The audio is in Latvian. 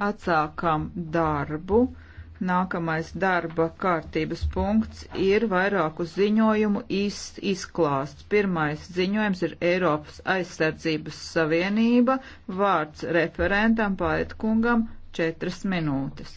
Atsākam darbu. Nākamais darba kārtības punkts ir vairāku ziņojumu iz, izklāsts. Pirmais ziņojums ir Eiropas aizsardzības savienība, vārds referentam Paitkungam - četras minūtes.